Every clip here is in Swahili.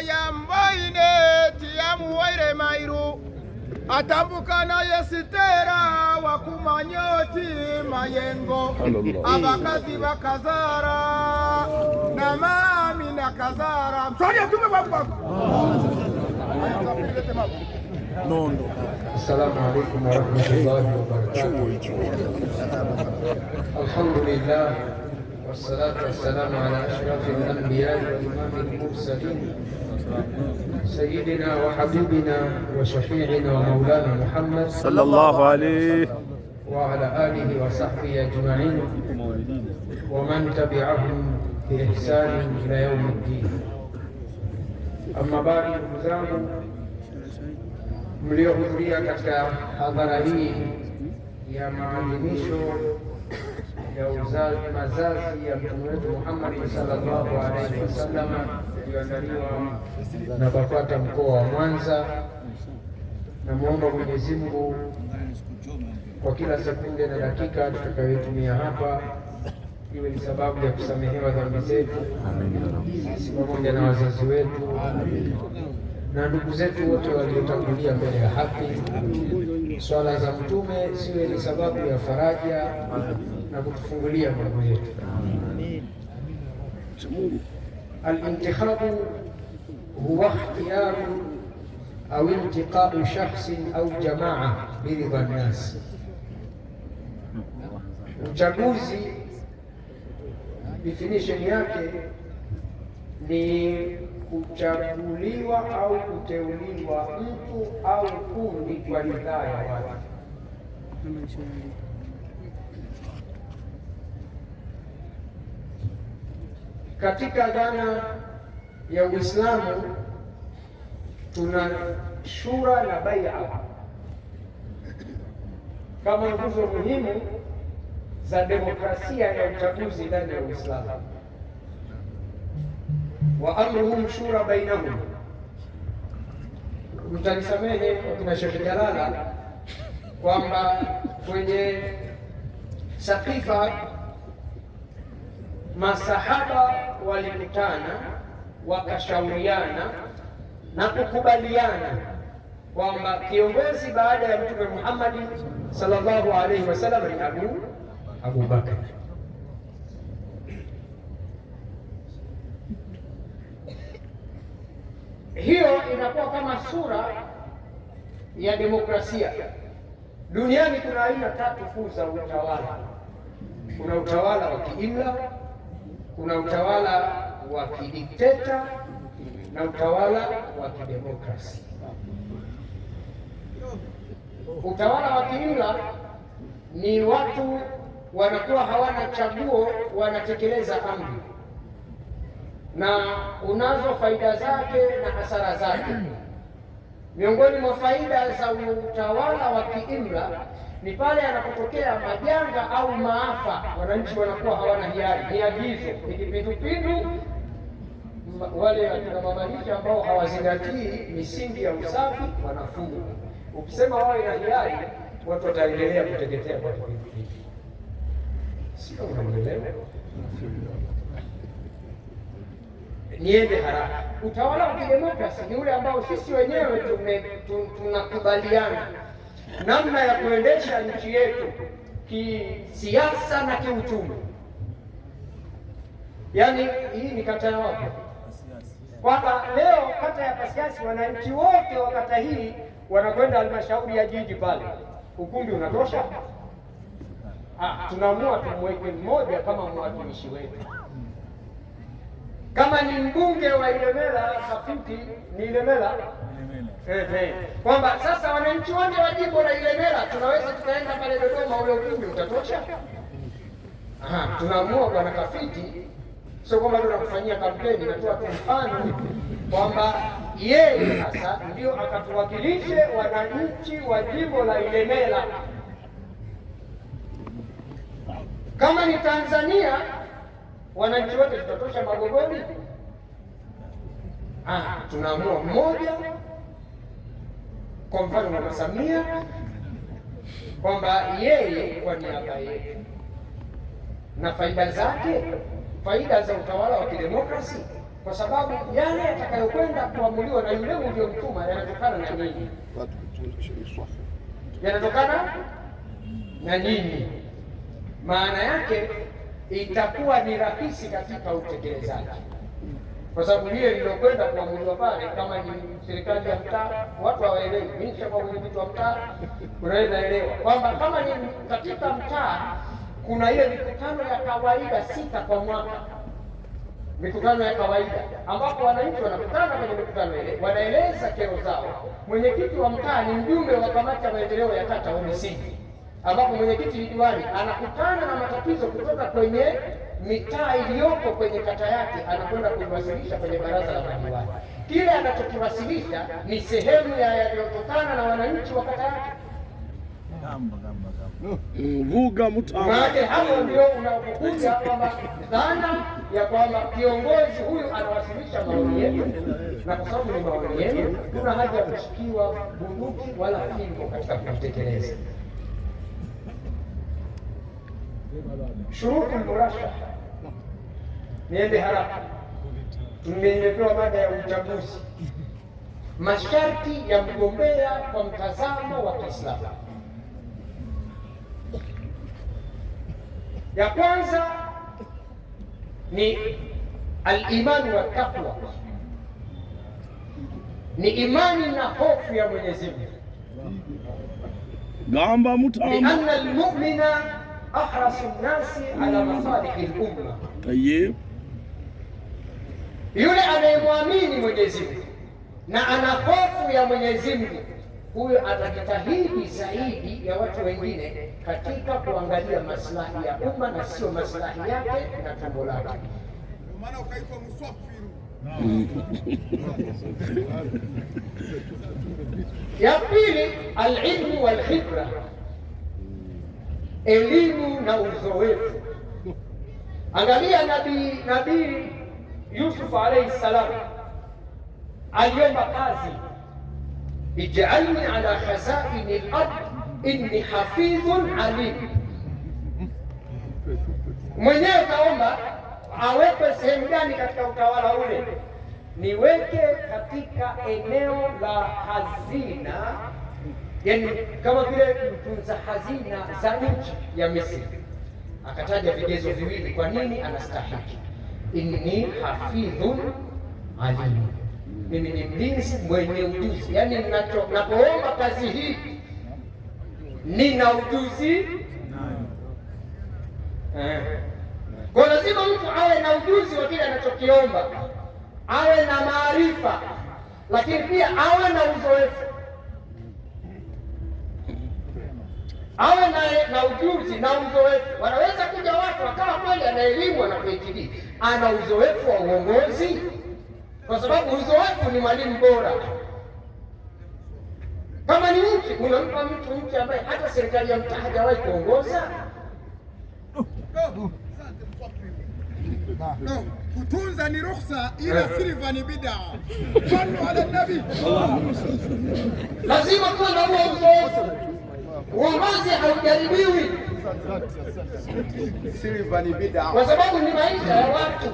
yambaine tiyamuwaire mairu atambuka atambukana yesitera wakumanyoti mayengo abakazi bakazara na mami na kazara msari mtume wangu nondo السلام عليكم ورحمة الله وبركاته والصلاة والسلام على أشرف الأنبياء وإمام المرسلين سيدنا وحبيبنا وشفيعنا ومولانا محمد صلى الله عليه وعلى آله وصحبه أجمعين ومن تبعهم بإحسان إلى يوم الدين أما بعد ndugu zangu mliohudhuria katika hadhara hii ya ya uzazi mazazi ya mtume wetu Muhammad sallallahu alaihi wasallam iliyoandaliwa na BAKWATA mkoa wa Mwanza. Namwomba Mwenyezi Mungu kwa kila sekunde na dakika tutakayotumia hapa iwe ni sababu ya kusamehewa dhambi zetu sisi pamoja na wazazi wetu Amen na ndugu zetu wote waliotangulia mbele ya haki. Swala za Mtume siwe ni sababu ya faraja na kutufungulia mambo yetu. Alintikhabu huwa ikhtiyaru au intiqabu shakhsin au jamaa biridha nnas, uchaguzi definition yake ni kuchaguliwa au kuteuliwa mtu au kundi kwa ridhaa ya watu. Katika dhana ya Uislamu tuna shura na baia kama nguzo muhimu za demokrasia ya uchaguzi ndani ya Uislamu wa amruhum shura bainahum. Mtanisamehe wakina Sheikh Jalala kwamba kwenye Sakifa masahaba walikutana wakashauriana na kukubaliana kwamba kiongozi baada ya Mtume Muhammad sallallahu alaihi wasallam ni Abu Abubakar. Hiyo inakuwa kama sura ya demokrasia. Duniani kuna aina tatu kuu za utawala. Kuna utawala wa kiimla, kuna utawala wa kidikteta na utawala wa kidemokrasia. Utawala wa kiimla ni watu wanakuwa hawana chaguo, wanatekeleza amri na unazo faida zake na hasara zake. Miongoni mwa faida za utawala wa kiimla ni pale yanapotokea majanga au maafa, wananchi wanakuwa hawana hiari. Ni agizo, ni kipindupindu, wale wakina mama ambao hawazingatii misingi ya usafi wanafungwa. Ukisema wawe na hiari, watu wataendelea kuteketea kwa kipindupindu. Sio, Unamwelewa? niende haraka. Utawala wa kidemokrasi ni ule ambao sisi wenyewe tunakubaliana namna ya kuendesha nchi yetu kisiasa na kiuchumi. Yaani hii ni kata ya wapi? Kwamba leo kata ya Pasiansi wananchi wote wa kata hii wanakwenda halmashauri ya jiji pale, ukumbi unatosha. Ah, tunaamua tumweke mmoja kama mwakilishi wetu kama ni mbunge wa Ilemela Kafuti ni Ilemela eh, eh, kwamba sasa wananchi wote wa jimbo la Ilemela tunaweza tukaenda pale Dodoma, ule ukumbi utatosha. Aha, tunaamua bwana Kafuti, sio kwamba tunakufanyia kampeni, natoa tu mfano kwamba yeye sasa ndio akatuwakilishe wananchi wa jimbo la Ilemela. Kama ni Tanzania wananchi wote tutatosha Magogoni? Ah, tunaamua mmoja, kwa mfano Mama Samia, kwamba yeye kwa niaba yetu na faida zake, faida za utawala wa kidemokrasi, kwa sababu yale yatakayokwenda kuamuliwa na yule uliyomtuma yanatokana na nini? Yanatokana na nini? maana yake itakuwa ni rahisi katika utekelezaji, kwa sababu lile lilokwenda kuamuliwa pale, kama ni serikali ya mtaa, watu hawaelewi. Mimi kwa mwenyekiti wa mtaa, unaweza elewa kwamba kama ni katika mtaa kuna ile mikutano ya kawaida sita kwa mwaka, mikutano ya kawaida ambapo wananchi wanakutana kwenye mikutano ile, wanaeleza kero zao. Mwenyekiti wa mtaa ni mjumbe wa kamati ya maendeleo ya kata wa misingi ambapo mwenyekiti diwani anakutana na matatizo kutoka kwenye mitaa iliyoko kwenye kata yake, anakwenda kuiwasilisha kwenye baraza la madiwani. Kile anachokiwasilisha ni sehemu ya yaliyotokana na wananchi wa kata yake. Mvuga mtaani, hapo ndio unapokuja kwamba dhana ya kwamba kiongozi huyu anawasilisha maoni yetu, na kwa sababu ni maoni yenu, kuna haja ya kushikiwa bunduki wala fimbo katika kutekeleza Shurutu murasha, niende haraka. Nimepewa mada ya uchaguzi, masharti ya mgombea kwa mtazamo wa Kiislamu. Ya kwanza ni alimani imani wa taqwa, ni imani na hofu ya Mwenyezi Mungu. Gamba mtamba, anna al ahrasu nnasi ala masalihi lumma, tayib, yule anayemwamini Mwenyezi Mungu na ana hofu ya Mwenyezi Mungu, huyo atajitahidi zaidi ya watu wengine katika kuangalia maslahi ya umma na sio maslahi yake na tumbo lake. Ya pili, alilmu walkhibra elimu na uzoefu. Angalia nabii nabii Yusuf alayhi salam aliomba kazi, ij'alni ala khazaini al-ard inni hafidhun alim. Mwenyewe kaomba awekwe sehemu gani katika utawala ule? Niweke katika eneo la hazina yani kama vile mtunza hazina za nchi ya Misri akataja vigezo viwili, kwa nini anastahiki. Inni hafidhun alimu, mimi ni mlinzi mwenye ujuzi. Yani napoomba kazi hii nina ujuzi eh. Kwa lazima mtu awe na ujuzi wa kile anachokiomba, awe na maarifa, lakini pia awe na uzoefu awe na, na ujuzi na uzoefu. Wanaweza kuja watu wakawa kweli ana elimu na PhD, ana uzoefu wa uongozi, kwa sababu uzoefu ni mwalimu bora. Kama ni mtu unampa mtu mtu ambaye hata serikali ya mtaa hajawahi kuongoza No, kutunza ni ruhusa ila silva ni bida. Sallu ala nabi. Lazima kuwa na uzoefu Uongozi haujaribiwi kwa sababu ni maisha ya watu.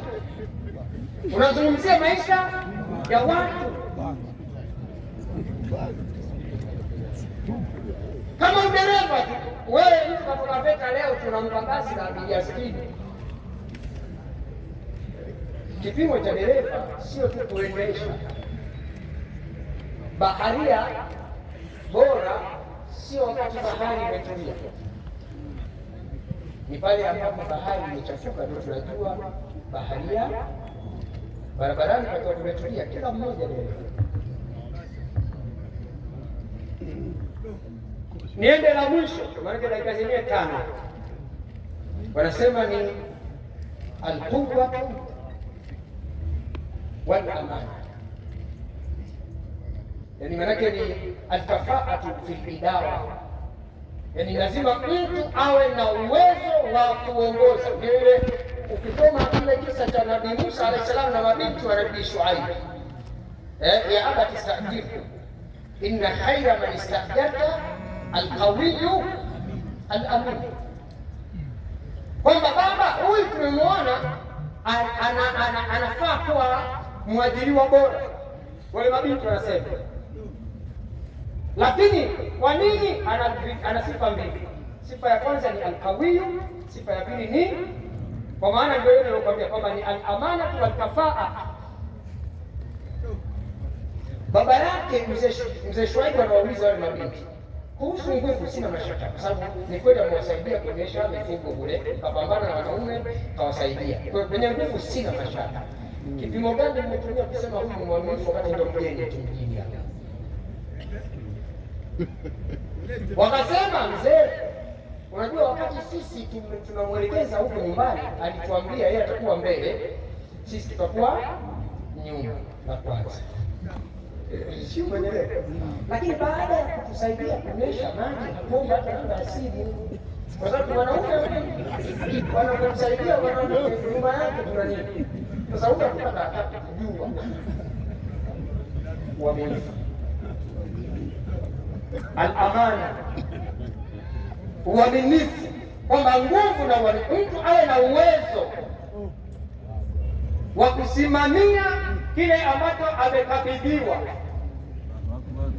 Unazungumzia maisha ya watu. Kama udereva wewe, wewe, tunapeka leo, tunampa basi la abiria sitini. Kipimo cha dereva sio tu kuendesha. Baharia bora sio wakati bahari imetulia, ni pale ambapo bahari imechafuka, ndio tunajua baharia. Barabarani pakiwa tumetulia, kila mmoja niende la mwisho, maanake dakika zenyewe tano. Wanasema ni alquwwatu wal amani yaani manake ni altafaatu fi lidawa, yaani lazima mtu awe na uwezo wa kuongoza. ile ukisoma kile kisa cha nabi Musa alayhi salam na mabinti wa Nabii Shuaib, eh, ya abati stajibu inna khaira man istajarta alqawiyu alamin, kwamba baba huyu tumemwona anafaa kuwa mwajiriwa bora. Wale mabinti wanasema lakini kwa nini ana ana sifa mbili? Sifa ya kwanza ni alkawiyu, sifa ya pili ni kwa maana ndio ile nilokuambia kwamba ni alamanatu walkafaa. Baba yake mzee mzee Shwaibu anawauliza wale mabinti kuhusu nguvu, sina mashaka, kwa sababu ni kweli amewasaidia kuonyesha mifugo kule, kapambana na wanaume kawasaidia. Kwa hiyo kwenye nguvu sina mashaka. Kipimo gani mmetumia kusema huyu mwaminifu wakati ndio mgeni tu mjini hapa? Wakasema mzee, unajua wakati sisi tunamwelekeza huko nyumbani, alituambia yeye atakuwa mbele, sisi tutakuwa nyuma na kwanza eh, siumenyelee lakini baada ya kutusaidia kunyesha maji kuomba tanga asili, kwa sababu mwanaume wanakusaidia nyuma yake kuna nini? Sasa huyo akipata kujua wameifa alamana, uaminifu, kwamba nguvu na mtu awe na uwezo wa kusimamia kile ambacho amekabidhiwa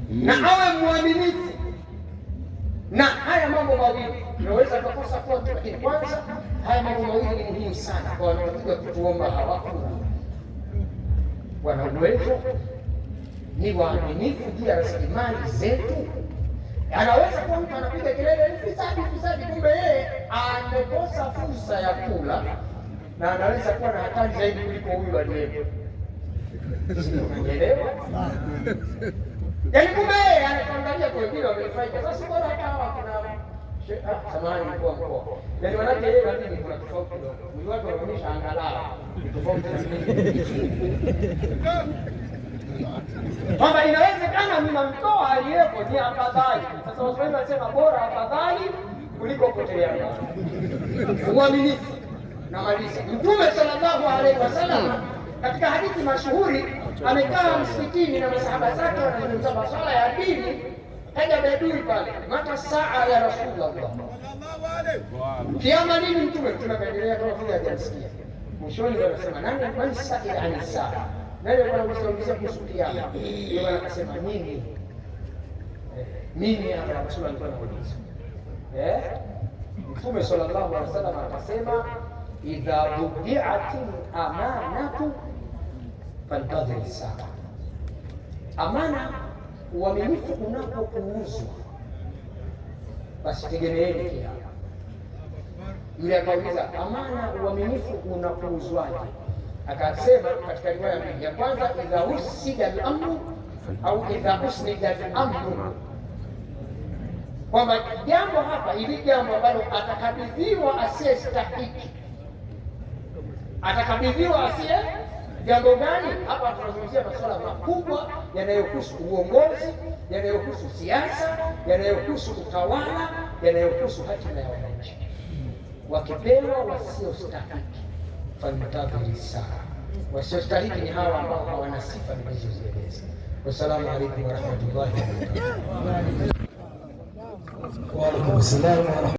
na awe mwaminifu na haya mambo mawili naweza kukosa kwa, lakini kwanza haya mambo mawili ni muhimu sana kwa wanaotaka kutuomba. Hawakuna wana uwezo ni waaminifu juu ya rasilimali zetu. Anaweza kuwa mtu anapiga kelele fisadi fisadi, kumbe yeye amekosa fursa ya kula, na anaweza kuwa na hatari zaidi kuliko huyu aliyepo. Unaelewa? Yaani kumbe yeye anaangalia kwa wengine wamefaidika. Sasa bora kawa kuna mkoa. Yaani wanake yeye kuna tofauti kidogo. Mwili wake unaonyesha angalau tofauti. kwamba inawezekana mlima mtoa aliyepo ni afadhali. Sasa waswahili wanasema bora afadhali kuliko potelea Uaminifu na malisi. Mtume sallallahu alaihi wasallam katika hadithi mashuhuri amekaa msikitini na masahaba zake wanazungumza maswala ya dini, kaja bedui pale, mata saa ya Rasulullah, kiama nini? Mtume mtume akaendelea kama Mwishoni wanasema nani man saila ani saa naye wanakusimamisha kusudi yao. Ndio maana akasema nyinyi eh, mimi hapa Rasul alikuwa anauliza eh, Mtume sallallahu alaihi wasallam akasema, idha wudiat amanatu fantadhir saa, amana uaminifu unapopuuzwa basi tegemeeni kiama. Yule akauliza amana uaminifu unapouzwaje? akasema katika riwaya mbili, ya kwanza idha usida lamru au idha usnida lamru, kwamba jambo hapa ili jambo ambalo atakabidhiwa asiye stahiki atakabidhiwa asiye. Jambo gani hapa? Tunazungumzia masuala makubwa yanayohusu uongozi, yanayohusu siasa, yanayohusu utawala, yanayohusu hatima ya wananchi, wakipewa wasiostahiki falmatadhiri saa wasiyostahiki ni hawa ambao hawana sifa nilizozieleza. Wassalamu alaikum warahmatullahi wabarakatuh.